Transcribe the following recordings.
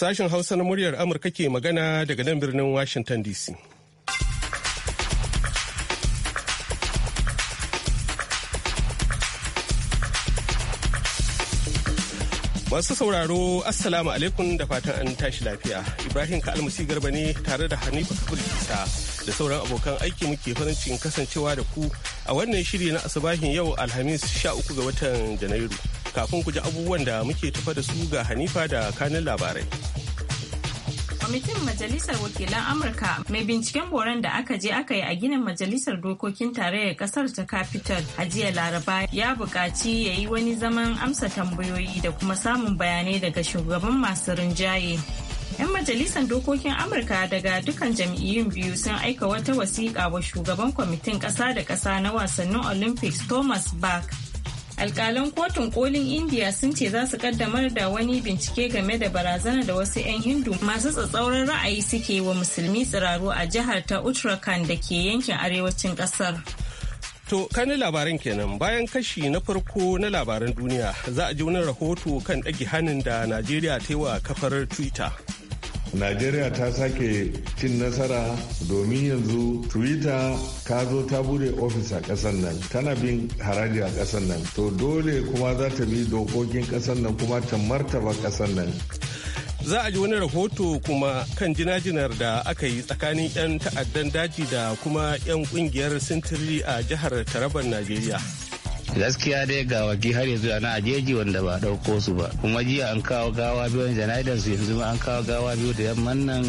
Sashen Hausa na muryar Amurka ke magana daga nan birnin Washington DC. Masu sauraro, Assalamu alaikum da fatan an tashi lafiya. Ibrahim Ka'almasi Garba ne tare da Hanifa Kabir Isa da sauran abokan aiki muke farin cikin kasancewa da ku a wannan shiri na asubahin yau Alhamis 13 ga watan Janairu. kafin ku ji abubuwan da muke tafa da su ga Hanifa da kanin labarai. Kwamitin Majalisar Wakilan Amurka mai binciken boron da aka je aka yi a ginin Majalisar Dokokin Tarayyar Kasar ta Capital a jiya Laraba ya buƙaci ya yi wani zaman amsa tambayoyi da kuma samun bayanai daga shugaban masu rinjaye. 'Yan majalisar dokokin Amurka daga dukkan jam'iyyun biyu sun aika wata wasiƙa wa shugaban kwamitin ƙasa da ƙasa na wasannin Olympics Thomas Bach alkalan kotun kolin indiya sun ce za su kaddamar da wani bincike game da barazana da wasu 'yan hindu masu tsatsauran ra'ayi suke wa musulmi tsiraru a jihar ta uttarakhand da ke yankin arewacin kasar To kani labaran kenan bayan kashi na farko na labaran duniya za a ji wani rahoto kan dage hannun da Najeriya ta yi wa kafar Twitter. najeriya ta sake cin nasara domin yanzu twitter ta zo ta bude ofis a ƙasar nan tana bin haraji a ƙasar nan to dole kuma za ta bi dokokin ƙasar nan kuma ta martaba ƙasar nan za a ji wani rahoto kuma kan jinajinar da aka yi tsakanin 'yan ta'addan daji da kuma 'yan kungiyar sintiri a jihar taraban najeriya gaskiya dai ga wagi har yanzu ana ajeji wanda ba ɗauko su ba kuma jiya an kawo gawa biyu janaidan su yanzu ma an kawo gawa biyu da yamman nan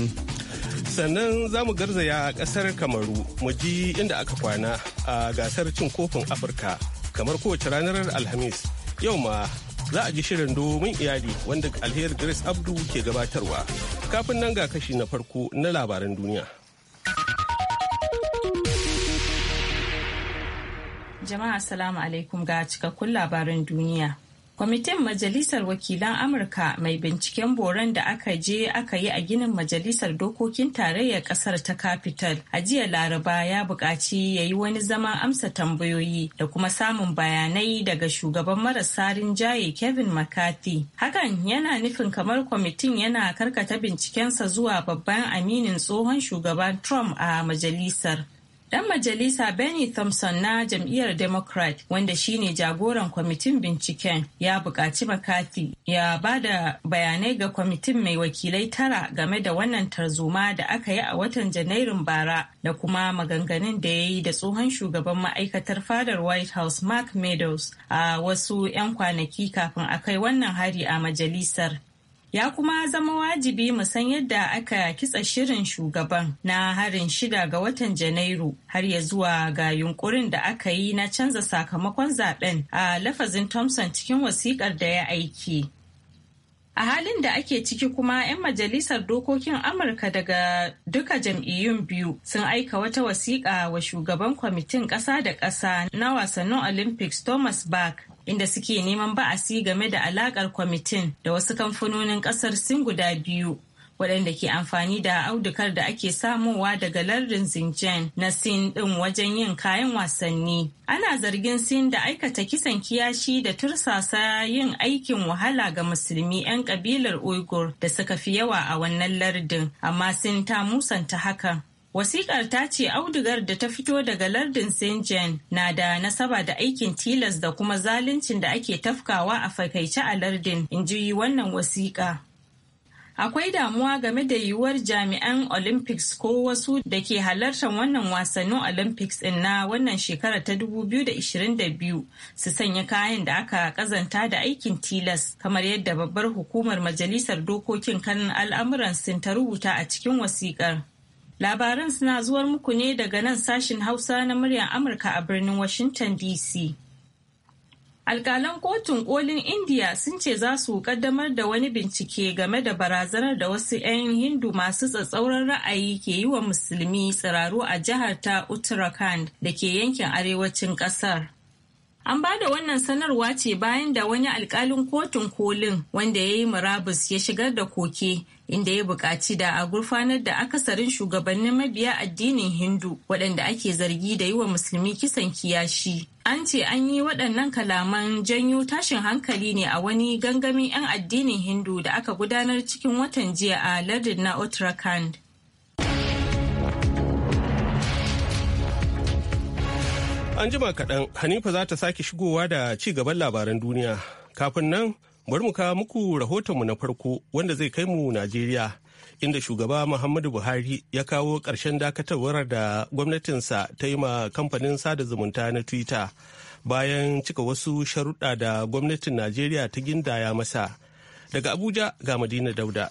sannan za mu garzaya kasar kamaru mu ji inda aka kwana a gasar cin kofin afirka kamar kowace ranar alhamis yau ma za a ji shirin domin iyali wanda alheri grace abdu ke gabatarwa kafin nan ga kashi na farko na labaran duniya Jama'a salamu alaikum ga cikakkun labaran duniya. Kwamitin Majalisar Wakilan Amurka mai binciken boron da aka je aka yi a ginin Majalisar Dokokin Tarayyar kasar ta Capital a jiya Laraba ya buƙaci ya yi wani zama amsa tambayoyi da kuma samun bayanai daga shugaban marasa rinjaye Kevin McCarthy. Hakan yana nufin kamar kwamitin yana karkata bincikensa zuwa babban aminin tsohon shugaban Trump a majalisar. Ɗan majalisa Benny Thompson na jam'iyyar Democrat wanda shine jagoran kwamitin binciken ya buƙaci McCarthy ya ba da bayanai ga kwamitin mai wakilai tara game da wannan tarzoma da aka yi a watan Janairun bara da kuma maganganun da ya yi da tsohon shugaban ma'aikatar fadar White House Mark Meadows a wasu 'yan kwanaki kafin a kai wannan hari a majalisar. ya kuma zama wajibi mu san yadda aka kitsa shirin shugaban na harin shida ga watan janairu har ya zuwa ga yunkurin da aka yi na canza sakamakon zaben a lafazin thompson cikin wasikar da ya aiki A halin da ake ciki kuma 'yan majalisar dokokin Amurka daga duka jam'iyyun biyu sun aika wata wasiƙa wa shugaban kwamitin ƙasa da ƙasa na wasannin Olympics Thomas Bach inda suke neman ba'asi game da alaƙar kwamitin da wasu kamfanonin ƙasar sun guda biyu waɗanda ke amfani da audukar da ake samowa daga lardin Xinjiang na Sin ɗin wajen yin kayan wasanni. Ana zargin Sin da aikata kisan kiyashi da tursasa yin aikin wahala ga musulmi 'yan ƙabilar Uyghur da suka fi yawa a wannan lardin, amma Sin ta musanta hakan. Wasiƙar ta ce audugar da ta fito daga lardin sinjen na da nasaba da aikin tilas da kuma zaluncin da ake tafkawa a fakaice a lardin, in ji wannan wasiƙa. akwai damuwa game da yiwuwar jami'an olympics ko wasu da ke halartar wannan wasannin olympics in na wannan shekara ta 2022 su sanya kayan da aka kazanta da aikin tilas kamar yadda babbar hukumar majalisar dokokin kan al'amuran sun ta rubuta a cikin wasikar labaran suna zuwar muku ne daga nan sashin hausa na muryar amurka a birnin washington dc alkalan kotun kolin india sun ce za su kaddamar da wani bincike game da barazanar da wasu 'yan hindu masu tsatsauran ra'ayi ke yi wa musulmi tsiraru a jihar ta uttarakhand da ke yankin arewacin kasar An ba da wannan sanarwa ce bayan da wani alkalin kotun kolin wanda ya yi murabus ya shigar da koke inda ya buƙaci da a gurfanar da akasarin shugabannin mabiya addinin Hindu waɗanda ake zargi da yi wa musulmi kisan kiyashi. An ce an yi waɗannan kalaman janyo tashin hankali ne a wani gangamin 'yan addinin Hindu da aka gudanar cikin watan jiya a lardin na Uttarakhand. An jima kaɗan Hanifa za ta sake shigowa da ci gaban labaran duniya. Kafin nan bari mu kawo muku rahotonmu na farko wanda zai kai mu Najeriya. Inda shugaba Muhammadu Buhari ya kawo ƙarshen dakatarwar da gwamnatinsa ta yi ma kamfanin sada zumunta na Twitter bayan cika wasu sharuɗa da gwamnatin Najeriya ta gindaya masa. Daga Abuja ga Madina Dauda.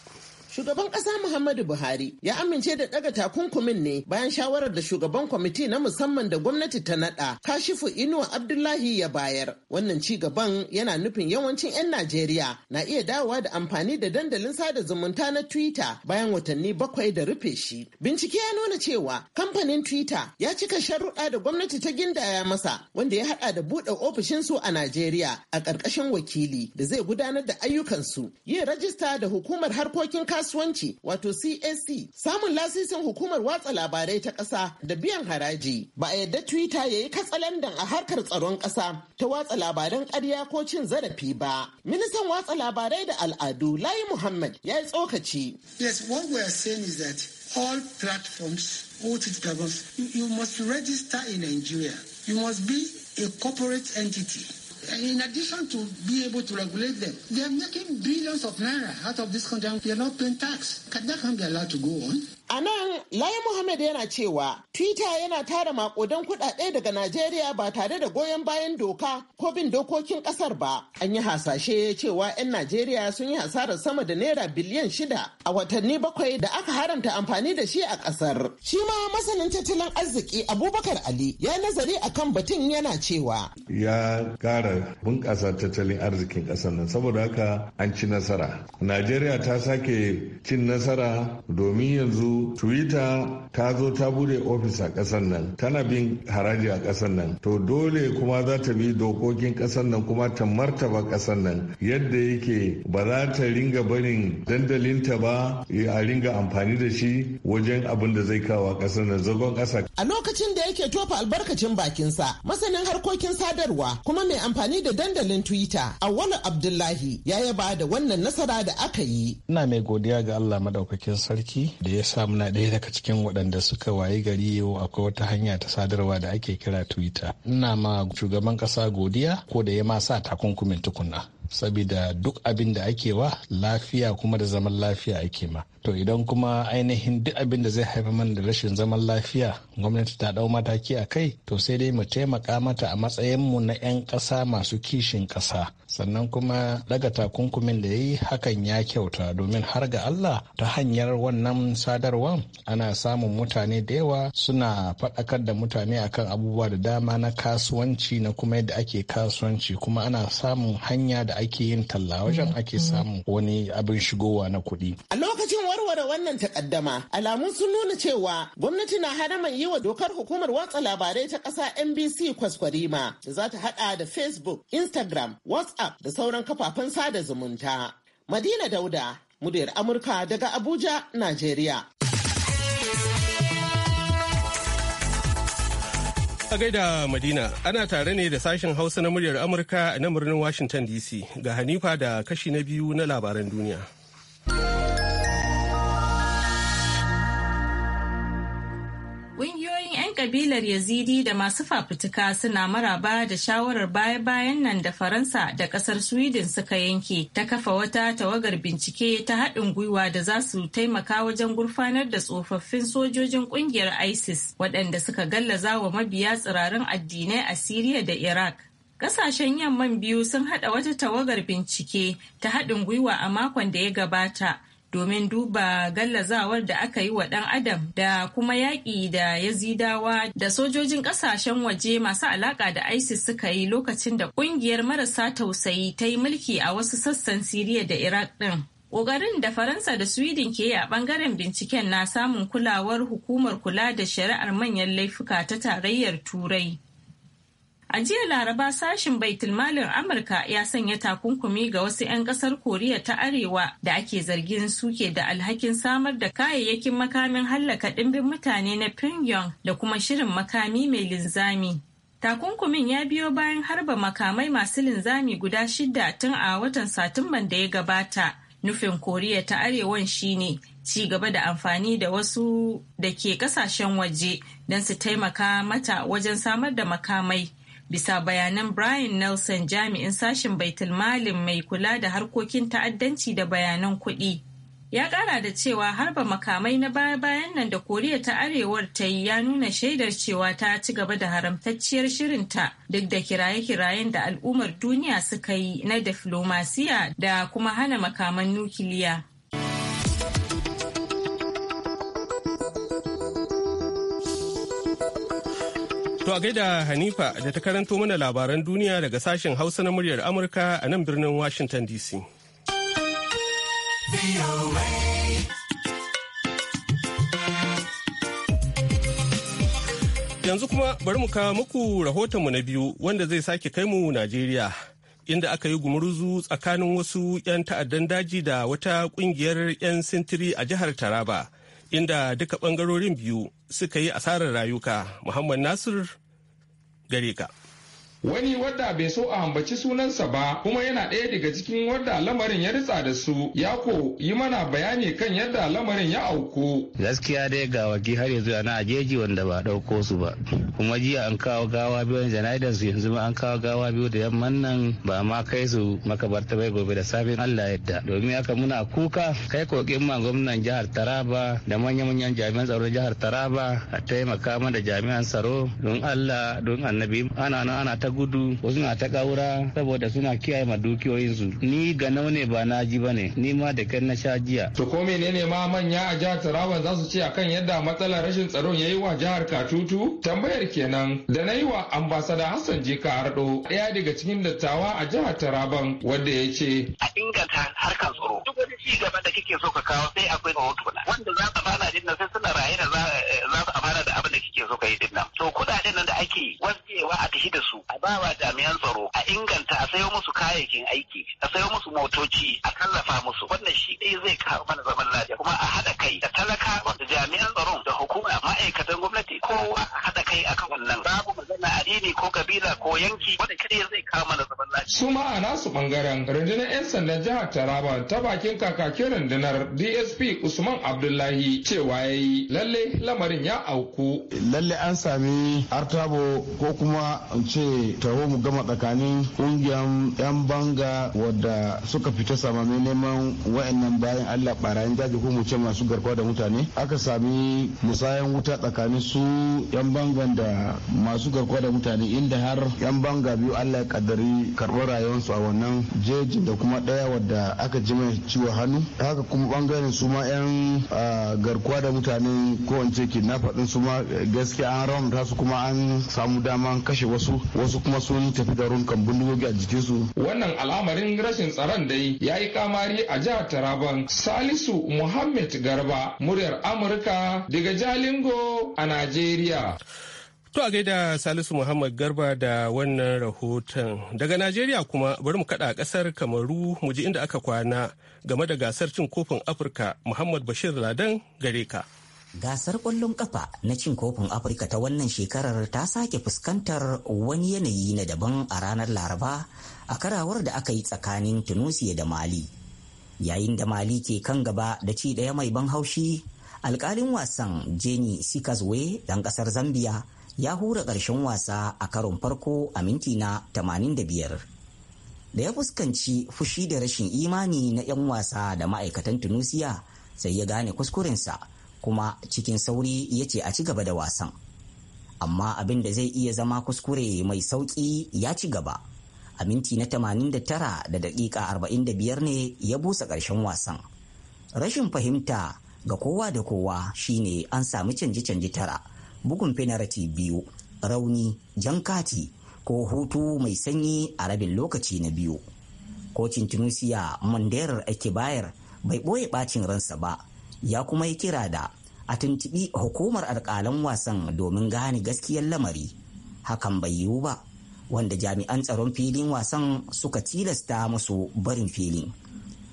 Shugaban ƙasa Muhammadu Buhari ya amince da ɗaga takunkumin ne bayan shawarar da shugaban kwamiti na musamman da gwamnati ta naɗa kashifu Inuwa Abdullahi ya bayar. Wannan ci gaban yana nufin yawancin 'yan Najeriya na iya dawowa da amfani da dandalin sada zumunta na Twitter bayan watanni bakwai da rufe shi. Bincike ya nuna cewa kamfanin Twitter ya cika sharuɗa da gwamnati ta gindaya masa wanda ya haɗa da buɗe ofishinsu a Najeriya a ƙarƙashin wakili da zai gudanar da ayyukansu. Yin rajista da hukumar harkokin kasuwanci kasuwanci wato CAC samun lasisin hukumar watsa labarai ta ƙasa da biyan haraji. Ba a yadda Twitter ya yi katsalandan a harkar tsaron ƙasa ta watsa labaran ƙarya ko cin zarafi ba. Ministan watsa labarai da al'adu Layi Muhammad ya yi tsokaci. Yes, what we are saying is that all platforms, OTT platforms, you must register in Nigeria. You must be a corporate entity. in addition to be able to regulate them, they are making billions of naira out of this country. They are not paying tax. That can't be allowed to go on. A nan, Laye Muhammad yana cewa Twitter yana tara makodan kuɗaɗe daga Najeriya ba tare da goyon bayan doka ko bin dokokin ƙasar ba. An yi hasashe cewa 'yan Najeriya sun yi hasarar sama da naira biliyan shida a watanni bakwai da aka haramta amfani da shi a ƙasar. Shi ma masanin tattalin arziki Abubakar Ali ya nazari a kan batun yana cewa. Ya ƙara bunƙasa tattalin arzikin ƙasar nan saboda haka an ci nasara. Najeriya ta sake cin nasara domin yanzu twitter ta zo ta bude ofis a ƙasar nan tana bin haraji a ƙasar nan to dole kuma za ta bi dokokin kasar nan kuma ta martaba kasar nan yadda yake ba za ta ringa barin dandalinta ba a ringa amfani da shi wajen abin da zai kawo kasar nan zagon kasa. a lokacin da yake tofa albarkacin bakinsa masanin harkokin sadarwa kuma mai amfani da dandalin twitter awwalu abdullahi ya yaba da wannan nasara da aka yi. ina mai godiya ga allah madaukakin sarki da ya sa muna ɗaya daga cikin waɗanda suka wayi gari yau akwai wata hanya ta sadarwa da ake kira twitter ina ma shugaban ƙasa godiya ko da ya ma sa takunkumin tukunna saboda duk abin da ake wa lafiya kuma da zaman lafiya ake ma to idan kuma ainihin duk abin da zai haifar mana da rashin zaman lafiya gwamnati ta dau mataki a kai to sai dai mu taimaka mata a matsayinmu na 'yan ƙasa masu kishin ƙasa sannan kuma daga takunkumin da ya yi hakan ya kyauta domin har ga Allah ta hanyar wannan sadarwa ana samun mutane da yawa suna faɗakar da mutane akan abubuwa da dama na kasuwanci na kuma yadda ake kasuwanci kuma ana samun hanya da ake yin talla mm. wajen ake mm. samun wani abin shigowa na kuɗi. A lokacin warware wannan takaddama alamun sun nuna cewa gwamnati na haraman yi wa dokar hukumar watsa labarai ta ƙasa NBC kwaskwarima da za ta haɗa da Facebook, Instagram, WhatsApp da sauran kafafen sada zumunta. Madina Dauda, muryar Amurka daga Abuja, Najeriya. A gaida Madina, ana tare ne da sashen Hausa na muryar Amurka na nan birnin Washington DC ga Hanifa da kashi na biyu na labaran duniya. kabilar yazidi da masu fafutuka suna maraba da shawarar baya-bayan nan da faransa da kasar sweden suka yanke ta kafa wata tawagar bincike ta haɗin gwiwa da za su taimaka wajen gurfanar da tsofaffin sojojin ƙungiyar isis waɗanda suka gallaza wa mabiya tsirarin addinai a siriya da iraq Ƙasashen yamman biyu sun haɗa wata tawagar bincike ta haɗin gwiwa a makon da ya gabata domin duba gallazawar da aka yi wa ɗan adam da kuma yaƙi da yazidawa da sojojin ƙasashen waje masu alaƙa da isis suka yi lokacin da ƙungiyar marasa tausayi ta yi mulki a wasu sassan siriya da iraq ɗin Ƙoƙarin da Faransa da Sweden ke yi a ɓangaren binciken na samun kulawar hukumar kula da shari'ar manyan laifuka ta tarayyar Turai. A jiya Laraba sashin baitulmalin Amurka ya sanya takunkumi ga wasu 'yan kasar Koriya ta Arewa da ake zargin suke da alhakin samar da kayayyakin makamin hallaka ɗimbin mutane na Pyongyang da kuma shirin makami mai linzami. Takunkumin ya biyo bayan harba makamai masu linzami guda shida tun a watan Satumban da ya gabata. Nufin Koriya ta Arewan shine ci gaba da amfani da wasu da ke kasashen waje don su taimaka mata wajen samar da makamai. bisa bayanan brian nelson jami'in sashen baitul malin mai kula da harkokin ta'addanci da bayanan kuɗi ya ƙara da cewa harba makamai na baya bayan nan da koriya ta arewar ta yi ya nuna shaidar cewa ta ci gaba da haramtacciyar shirinta duk da kiraye-kirayen da al'ummar duniya suka yi na diflomasiya da kuma hana makaman nukiliya To a gaida Hanifa da ta karanto mana labaran duniya daga sashen Hausa na muryar Amurka a nan birnin Washington DC. Yanzu kuma bari mu kawo muku rahotonmu na biyu wanda zai sake kai mu Najeriya. Inda aka yi gumurzu tsakanin wasu 'yan ta'addan daji da wata kungiyar 'yan sintiri a jihar Taraba. inda duka ɓangarorin biyu suka yi asarar rayuka muhammad nasir gare ka wani wadda bai so a hambaci sunansa ba kuma yana ɗaya daga cikin wadda lamarin ya ritsa da su ya ko yi mana bayani kan yadda lamarin ya auku gaskiya dai ga waki har yanzu ana ajeji wanda ba ɗauko su ba kuma jiya an kawo gawa biyu jana'idar su yanzu ma an kawo gawa biyu da yamman nan ba ma kai su makabarta bai gobe da safin Allah yadda domin haka muna kuka kai kokin ma gwamnan jihar Taraba da manyan manyan jami'an tsaro jihar Taraba a taimaka mana da jami'an tsaro don Allah don annabi ana ana ta gudu wasu na ta kaura saboda suna kiyaye ma dukiyoyinsu ni ga ne ba na ji ba ne ni ma da kan na sha jiya. to ko menene ma manya a jihar Taraban za su ce akan yadda matsalar rashin tsaron ya yi wa jihar katutu tambayar kenan da na yi wa ambasada hassan jika ardo ɗaya daga cikin dattawa a jihar taraban wanda ya ce. a inganta harkan tsaro duk wani ci gaba da kike so ka kawo sai akwai rahoto bangaren rundunar 'yan sandan jihar taraba ta bakin kakakin rundunar dsp usman abdullahi cewa ya yi lalle lamarin ya auku lalle an sami artabo ko kuma in ce taho mu gama tsakanin kungiyar yan banga wadda suka fita samami neman wa'annan bayan allah barayin jaji ko mu ce masu garkuwa da mutane aka sami musayan wuta tsakanin su yan bangan da masu garkuwa da mutane inda har yan banga biyu allah ya kaddari karɓar rayuwarsu a wannan jejin da kuma ɗaya wadda aka ji mai ciwo hannu haka kuma bangaren su ma yan ah, garkuwa da mutane ko in ce kidnapper din su ma eh, gaskiya an raunata su kuma an samu daman kashe wasu wasu kuma sun tafi da runkan bindigogi a jikinsu. wannan al'amarin rashin tsaron dai ya yi kamari a jihar taraban salisu muhammed garba muryar amurka daga jalingo a najeriya To a gaida Salisu Muhammad Garba da wannan rahoton. Daga Najeriya kuma bari mu kada kasar Kamaru mu ji inda aka kwana game da gasar cin kofin Afirka Muhammad Bashir Ladan gare ka. Gasar ƙwallon ƙafa na cin kofin Afirka ta wannan shekarar ta sake fuskantar wani yanayi na daban a ranar Laraba a karawar da aka yi tsakanin Tunisia da Mali. Yayin da Mali ke kan gaba da ci ɗaya mai ban haushi, Alkalin wasan Jenny Sikazwe dan ƙasar Zambia ya hura ƙarshen wasa a karon farko a minti na 85. Da ya fuskanci fushi da rashin imani na 'yan wasa da ma'aikatan Tunisiya sai ya gane kuskurensa. kuma cikin sauri ya ce a ci gaba da wasan amma abin da zai iya zama kuskure mai sauƙi ya ci gaba a minti na 89 da daƙiƙa 45 ne ya busa ƙarshen wasan rashin fahimta ga kowa da kowa shine an sami canje-canje tara bugun fenarati biyu rauni jan kati ko hutu mai sanyi a rabin lokaci na biyu kocin tunisia manderar ake bayar bai ɓoye ɓacin ransa ba ya kuma yi kira da a tuntuɓi hukumar alƙalan wasan domin gane gaskiyar lamari hakan bai yiwu ba wanda jami'an tsaron filin wasan suka tilasta musu barin filin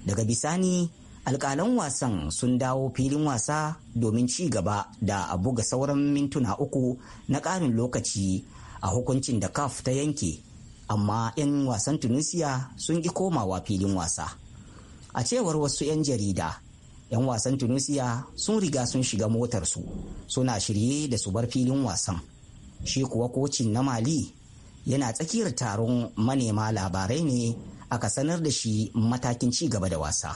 daga bisani alƙalan wasan sun dawo filin wasa domin ci gaba da a buga sauran mintuna uku na ƙarin lokaci a hukuncin da kaf ta yanke amma 'yan wasan tunisia sun ƙi komawa filin wasa a cewar wasu 'yan jarida 'yan wasan tunisia sun riga sun shiga motarsu suna shirye da su bar filin wasan shi kuwa kocin na mali yana tsakiyar taron manema labarai ne aka sanar da shi matakin ci gaba da wasa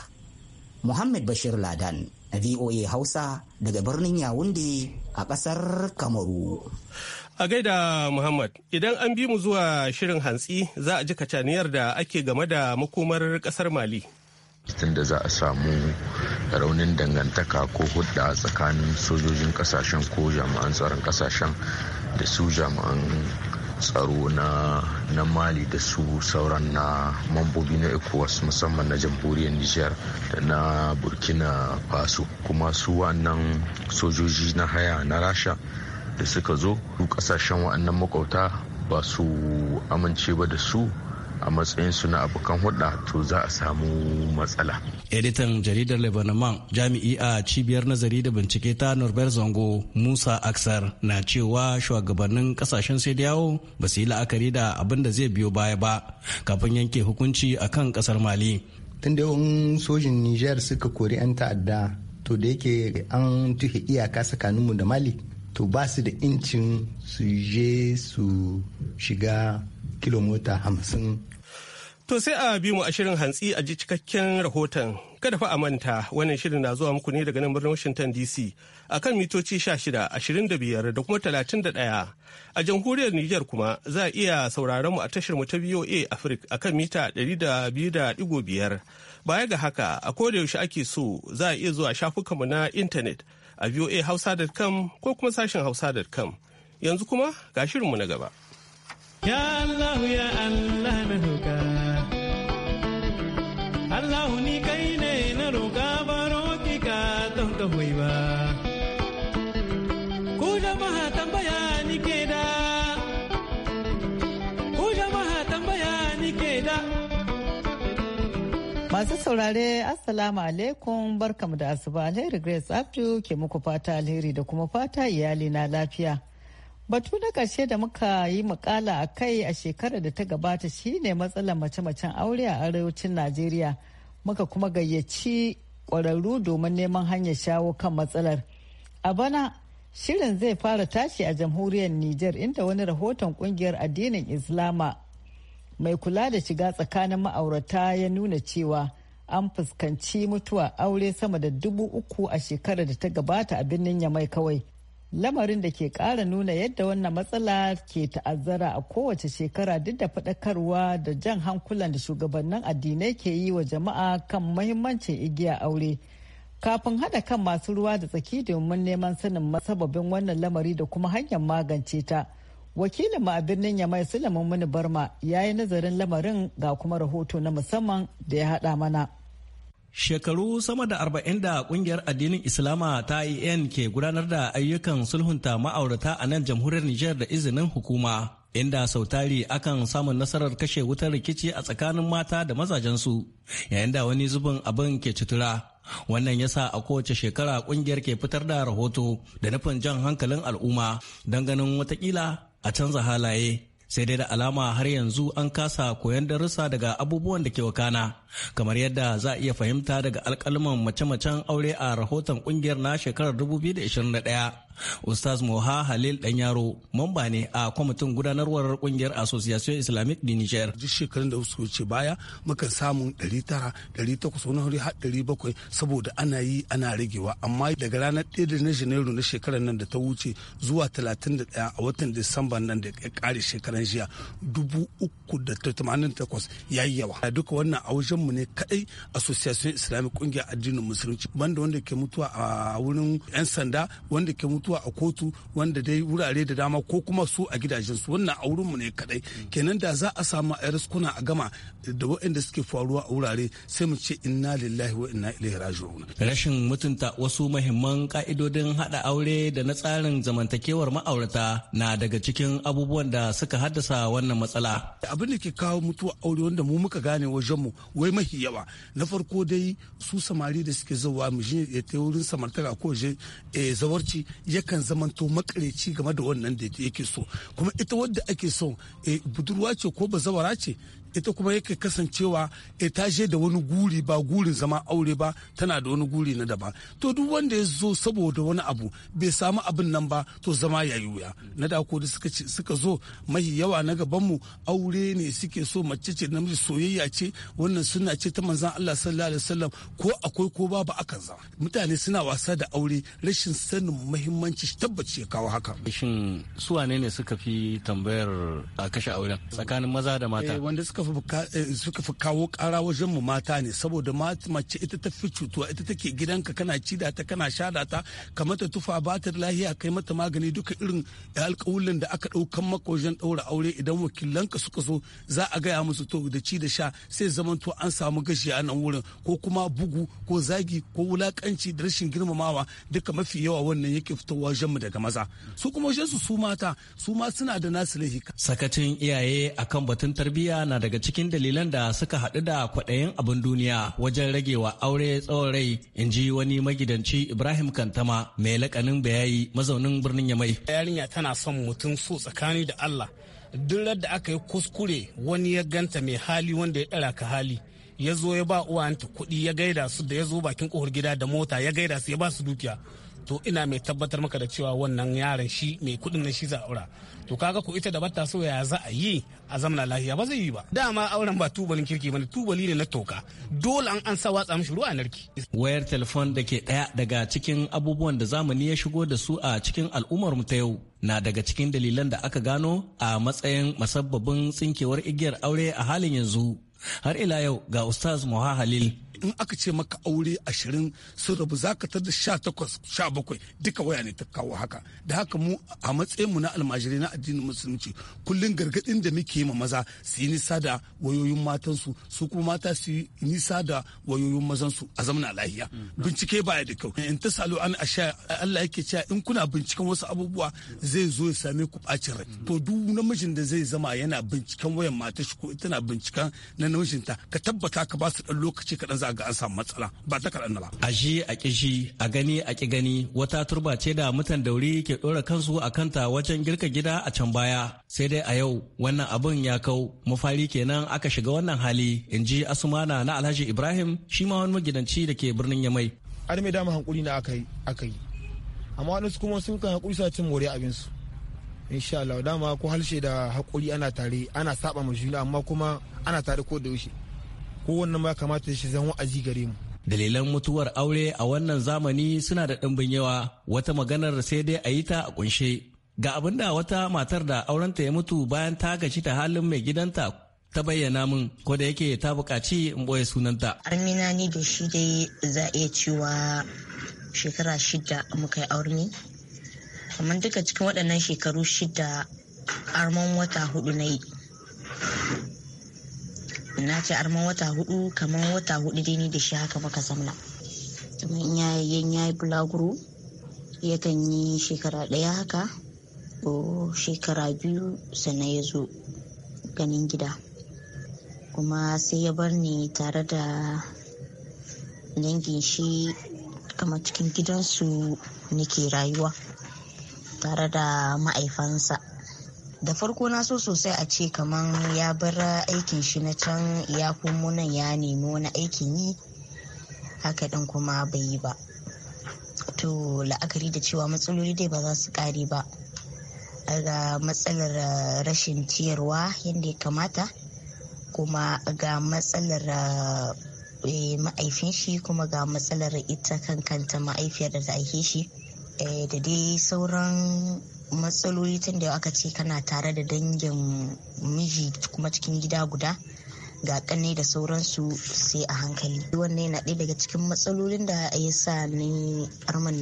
muhammad bashir ladan voa hausa daga birnin yawunde a kasar kamaru a gaida muhammad idan an bi mu zuwa shirin hantsi za a ji kacaniyar da ake game da makomar kasar mali da za a samu raunin dangantaka ko hudda tsakanin sojojin kasashen ko jami'an tsaron kasashen da su jami'an tsaro na mali da su sauran na mambobi na ecowas musamman na jamhuriyar niger da na burkina faso kuma su wannan sojoji na haya na rasha da suka zo su kasashen wa'annan makauta ba su amince ba da su a matsayin su na abokan hudu to za a samu matsala. Editan jaridar Lebanon jami'i a cibiyar nazari da bincike ta Norbert Zango Musa Aksar na cewa shugabannin kasashen sai da yawo ba su yi la'akari da abin da zai biyo baya ba kafin yanke hukunci a kan kasar Mali. Tun da yawan sojin niger suka kori 'yan ta'adda to da yake an tuhe iyaka tsakaninmu da Mali to ba su da incin su je su shiga kilomita hamsin To sai a bi mu a shirin hantsi a ji cikakken rahoton. Kada fa a manta wannan shirin na zuwa muku ne daga nan birnin Washington DC a kan mitoci 16, 25 da kuma 31. A jamhuriyar Nijar kuma za a iya sauraron mu a tashar mu ta VOA Africa a kan mita 200.5. Baya ga haka a koda yaushe ake so za a iya zuwa shafukan shafukanmu na intanet a voahausa.com ko kuma sashin hausa.com. Yanzu kuma ga shirin mu na gaba. Ya Allah ya Allah na Allah ni kai ne na roƙa baro ke da, ku jama'a tambaya ke da. Masu saurare Assalamu alaikum barkamu da asuba alheri Grace Abdu ke muku fata alheri da kuma fata iyali na lafiya. Batu na ƙarshe da muka yi makala a kai a shekarar da ta gabata shine matsalar mace-macen aure a arewacin Najeriya muka kuma gayyaci ƙwararru domin neman hanyar shawo kan matsalar. A bana shirin zai fara tashi a jamhuriyar Nijar inda wani rahoton ƙungiyar addinin Islama mai kula da shiga tsakanin ma'aurata ya nuna cewa an fuskanci mutuwa aure sama da dubu uku a shekarar da ta gabata a birnin Yamai kawai lamarin da ke kara nuna yadda wannan matsala ke ta'azzara a kowace shekara duk da faɗakarwa da jan hankulan da shugabannin addinai ke yi wa jama'a kan mahimmancin igiya aure kafin haɗa kan masu ruwa da tsaki domin neman sanin sababin wannan lamari da kuma hanyar magance ta wakilin ma a birnin yamai sulaiman muni barma ya yi nazarin lamarin ga kuma rahoto na musamman da ya haɗa mana. Shekaru sama da arba'in da kungiyar addinin Islama ta IN ke gudanar da ayyukan sulhunta ma'aurata a nan jamhuriyar Nijar da izinin hukuma, inda sau tari akan samun nasarar kashe wutar rikici a tsakanin mata da mazajensu, yayin da wani zubin abin ke cutura, Wannan yasa a kowace shekara kungiyar ke fitar da rahoto da nufin jan hankalin al'umma don ganin watakila a canza halaye. Sai dai da alama har yanzu an kasa koyon darussa daga abubuwan da ke wakana. kamar yadda za a iya fahimta daga alkalman mace-macen aure a rahoton kungiyar na shekarar 2021 ustaz moha halil dan yaro mamba ne a kwamitin gudanarwar kungiyar association islamic di niger duk shekarun da su wuce baya muka samun 900 800 wani hari 700 saboda ana yi ana ragewa amma daga ranar 1 da na janairu na shekarar nan da ta wuce zuwa 31 a watan disamba nan da ya kare shekaran jiya 388 ya yawa duka wannan a wajen mu ne kadai association islamic kungiyar addinin musulunci banda wanda ke mutuwa a wurin yan sanda wanda ke mutuwa a kotu wanda dai wurare da dama ko kuma su a gidajensu su wannan a wurin mu ne kadai kenan da za a samu a kuna a gama da waɗanda suke faruwa a wurare sai mu ce inna lillahi wa inna ilaihi raji'un rashin mutunta wasu muhimman ka'idodin hada aure da na tsarin zamantakewar ma'aurata na daga cikin abubuwan da suka haddasa wannan matsala abin da ke kawo mutuwa aure wanda mu muka gane wajen mu wai akwai mahi yawa na farko dai su samari da suke zawa mishin eh, ya ta wurin samartaka ko je eh, zawarci yakan zamanto makareci game da wannan da yake so kuma ita wadda ake so eh, budurwa ce ko bazawara ce ita kuma yake kasancewa ita je da wani guri ba gurin zama aure ba tana da wani guri na daban to duk wanda ya zo saboda wani abu bai samu abin nan ba to zama ya yi wuya na da ko da suka zo mai yawa na gaban mu aure ne suke so mace ce namiji soyayya ce wannan suna ce ta manzon Allah sallallahu alaihi wasallam ko akwai ko babu akan zama mutane suna wasa da aure rashin sanin muhimmanci tabbaci ya kawo haka shin su ne suka fi tambayar a kashe auren tsakanin maza da mata eh, Eh, suka fi kawo kara wajen mu mata ne saboda mace ita ta fi cutuwa ita take gidanka kana ci da ta kana sha da ta kamar ta tufa ba ta lahiya kai mata magani duka irin alƙawulin da aka ɗaukan maka wajen ɗaura aure idan wakilanka suka so za a gaya musu to da ci da sha sai zaman to an samu gashi a nan wurin ko kuma bugu ko zagi ko wulakanci da rashin girmamawa duka mafi yawa wannan yake fitowa wajen mu daga maza su kuma wajen su su mata su ma suna da nasu laifi. sakacin iyaye akan batun tarbiyya na da daga cikin dalilan da suka haɗu da kwaɗayin abin duniya wajen rage wa aure tsawon rai in ji wani magidanci Ibrahim Kantama mai lakanin bayayi mazaunin birnin Yamai. Yarinya tana son mutum so tsakani da Allah duk da aka yi kuskure wani ya ganta mai hali wanda ya ɗara ka hali ya zo ya ba uwanta kuɗi ya gaida su da ya zo bakin kohar gida da mota ya gaida su ya ba su dukiya to ina mai tabbatar maka da cewa wannan yaran shi mai kuɗin nan shi za to kaga ku ita da bata so ya za a yi a zamana lahiya ba zai yi ba dama auren ba tubalin kirki bane tubali ne na toka dole an an sa watsa mishi ruwa narki wayar telefon da ke daya daga cikin abubuwan da zamani ya shigo da su a cikin al'ummar mu ta yau na daga cikin dalilan da aka gano a matsayin musabbabin tsinkewar igiyar aure a halin yanzu har ila yau ga ustaz muha Halil in aka ce maka aure ashirin sun rabu za ka tar da sha takwas sha bakwai duka waya ne ta kawo haka da haka mu a matsayin mu na almajirai na addinin musulunci kullum gargadin da muke yi ma maza su yi nisa da wayoyin matansu su kuma mata su yi nisa da wayoyin mazansu a zamana lahiya mm. bincike baya da kyau in ta salo an asha Allah yake cewa in kuna binciken wasu abubuwa zai zo ya same ku bacin rai mm. to duk namijin da zai zama yana binciken wayan matar shi ko tana binciken na namijinta ka tabbata ka ba su dan lokaci kaɗan za ga an samu matsala ba ta kaɗan ba. A ji a kishi a gani a ƙi gani wata turba ce da mutan dauri ke ɗora kansu a kanta wajen girka gida a can baya sai dai a yau wannan abin ya kau mafari kenan aka shiga wannan hali in ji asumana na alhaji ibrahim shi ma wani magidanci da ke birnin yamai. An mai dama hankuri na aka yi amma wani kuma sun kan haƙuri suna cin more abinsu. insha Allah dama ko halshe da hakuri ana tare ana saba ma juna amma kuma ana tare ko da yaushe kowanne wannan ba kamata shi zan wa'azi gare mu dalilan mutuwar aure a wannan zamani suna da ɗimbin yawa wata maganar sai dai a yi ta a kunshe ga abin da wata matar da aurenta ya mutu bayan ta gaci ta halin mai gidanta ta bayyana min ko da yake ta buƙaci in ɓoye sunanta armina ni da shi dai za a iya cewa shekara shida muka yi aure amma duka cikin waɗannan shekaru shida arman wata hudu na yi na ce arma wata hudu kamar wata hudu dai ni da shi haka muka zamna kamar in ya yi bulaguro yakan yi shekara ɗaya haka ko shekara biyu sannan ya zo ganin gida kuma sai ya bar ni tare da dangin shi kama cikin gidansu nake rayuwa tare da ma'aifansa da farko na so sosai a ce kaman ya bar aikin shi na can ya komo nan ya nemi wani aikin yi haka ɗin kuma bai yi ba to la'akari da cewa matsaloli dai ba za su kare ba ga matsalar eh, rashin ciyarwa yadda ya kamata kuma ga matsalar eh, eh, ma'aifin shi kuma ga matsalar ita kankanta ma'aifiyar da ta shi da dai sauran matsaloli tun da aka ce kana tare da dangin miji kuma cikin gida guda ga kane da sauransu sai a hankali wannan yana ɗaya daga cikin matsalolin da ya sa ni arman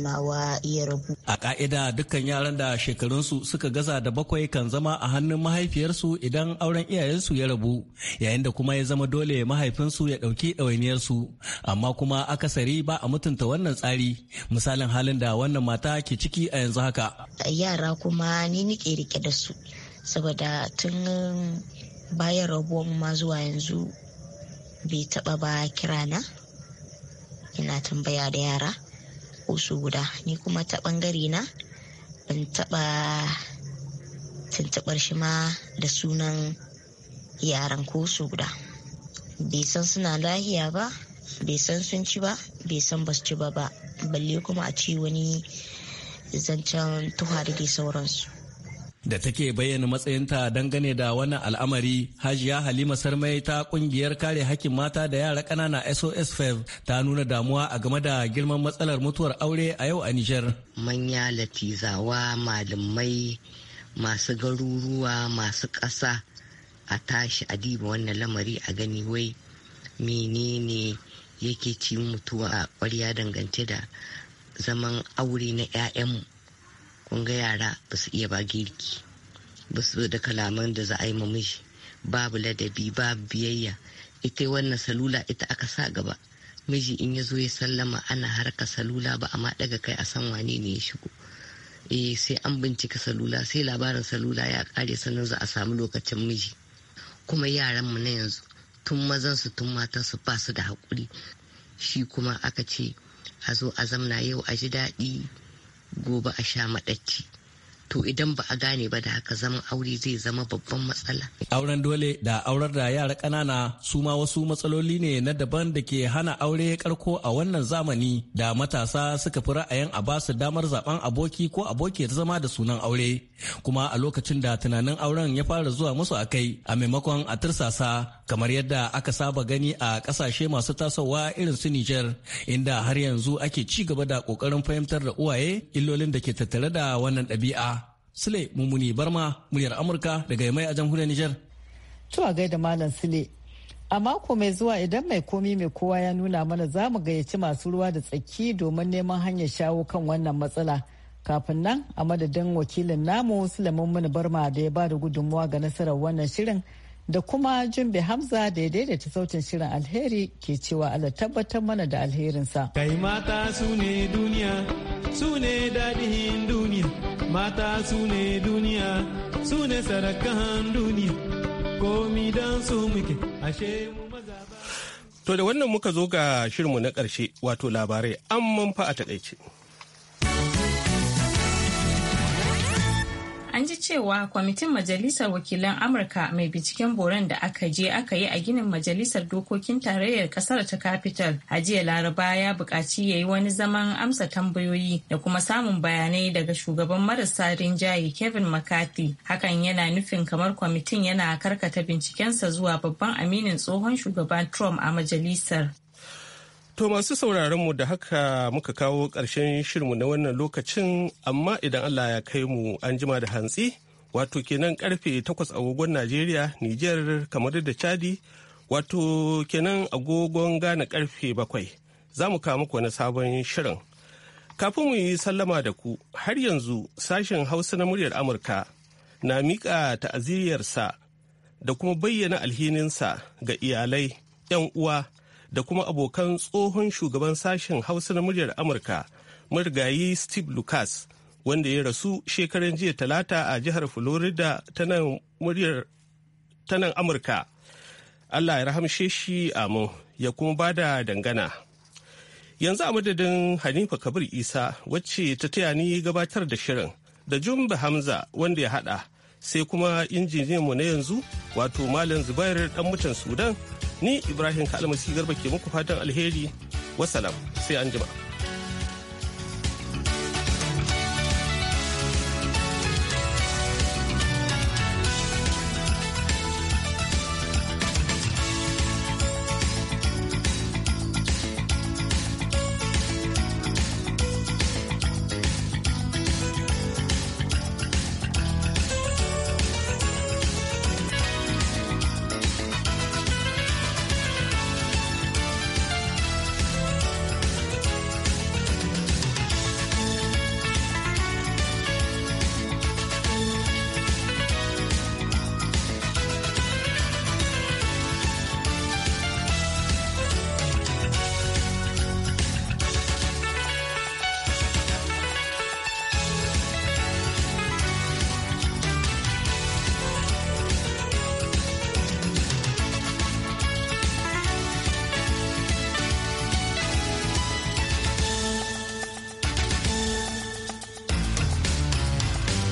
ya rabu a ka'ida dukkan yaran da shekarunsu suka gaza da bakwai kan zama a hannun mahaifiyarsu idan auren iyayensu ya rabu yayin da kuma ya zama dole mahaifinsu ya ɗauki ɗawainiyarsu amma kuma akasari ba a mutunta wannan tsari misalin halin da wannan mata ke ciki a yanzu haka yara kuma ni nike rike da su saboda tun bayan rabuwar ma zuwa yanzu bai taba ba kirana ina tambaya da yara ko su guda ni kuma ta bangare na ban taba tuntubar shi ma da sunan yaran ko su guda bai san suna lahiya ba bai san sun ci ba bai san basu ci ba ba balle kuma a ci wani zancen tuha da sauransu Da take bayyana matsayinta dangane da wannan al'amari, Hajiya Halima Sarmai ta kungiyar kare hakkin mata da yara ƙanana SOS 5 e ta nuna damuwa a game da girman matsalar mutuwar aure a yau a Nijar. Manya latizawa malamai masu garuruwa masu ƙasa a tashi a diba wannan lamari a gani wai menene yake ci mutuwa a ƙwarya dangance da zaman aure na 'ya'yanmu kun ga yara ba su iya ba girki ba su da kalaman da za a yi mamishi babu ladabi babu biyayya ita wannan salula ita aka sa gaba miji in ya zo ya sallama ana harka salula ba amma daga kai a san wane ne ya shigo eh sai an bincika salula sai labarin salula ya kare sannan za a samu lokacin miji kuma yaran mu na yanzu tun mazan su tun matan su ba su da hakuri shi kuma aka ce a zo a zamna yau a ji daɗi gobe a sha maɗaci to idan ba a gane ba da haka zaman aure zai zama babban matsala. Auren dole da aurar da yara ƙanana su ma wasu matsaloli ne na daban da ke hana aure karko a wannan zamani da matasa suka fi ra'ayin a basu damar zaben aboki ko aboki ta zama da sunan aure kuma a lokacin da tunanin auren ya fara zuwa musu a kai a maimakon a tirsasa kamar yadda aka saba gani a ƙasashe masu tasowa irin su Nijar inda har yanzu ake ci gaba da ƙoƙarin fahimtar da uwaye illolin da ke tattare da wannan ɗabi'a. Sule Mumuni Barma muryar Amurka daga mai a jamhuriyar Nijar. To a gaida Malam Sule. A mako mai zuwa idan mai komi mai kowa ya nuna mana za mu gayyaci masu ruwa da tsaki domin neman hanyar shawo kan wannan matsala. Kafin nan a madadin wakilin namu Sulaiman Muni Barma da ya ba da gudunmuwa ga nasarar wannan shirin da kuma Jumbe Hamza da ya daidaita sautin shirin alheri ke cewa Allah tabbatar mana da alherinsa. Kai mata su ne duniya, su ne dadihin duniya. mata su ne duniya su ne sarakan duniya komi don su muke ashe mu maza To da wannan muka zo ga shirinmu na ƙarshe wato labarai an manfa a taƙaice. an ji cewa kwamitin majalisar wakilan amurka mai binciken boron da aka je aka yi a ginin majalisar dokokin tarayyar kasar ta capital a jiya laraba ya buƙaci ya yi wani zaman amsa tambayoyi da kuma samun bayanai daga shugaban marasa rinjaye kevin mccarthy hakan yana nufin kamar kwamitin yana karkata bincikensa zuwa babban aminin tsohon shugaban trump a majalisar To masu sauraron mu da haka muka kawo ƙarshen shirinmu na wannan lokacin amma idan Allah ya kai mu an jima da hantsi wato kenan karfe takwas agogon Najeriya, Nijar kamar da Chadi wato kenan agogon gane karfe bakwai za mu kawo muku wani sabon shirin. Kafin mu yi sallama da ku har yanzu sashen Hausa na muryar Amurka na miƙa ta'aziyarsa da kuma bayyana alhininsa ga iyalai, 'yan uwa da kuma abokan tsohon shugaban sashen hausa na muryar amurka marigayi steve lucas wanda ya rasu shekaran jiya talata a jihar florida ta nan amurka allah ya rahamshe shi amin ya kuma bada dangana yanzu a madadin hanifa kabir isa wacce ta taya ni gabatar da shirin da jumba hamza wanda ya hada sai kuma injiniyanmu na yanzu wato malam zubairu dan mutan sudan ni ibrahim kalmasi garba ke muku fatan alheri wasalam sai an jima.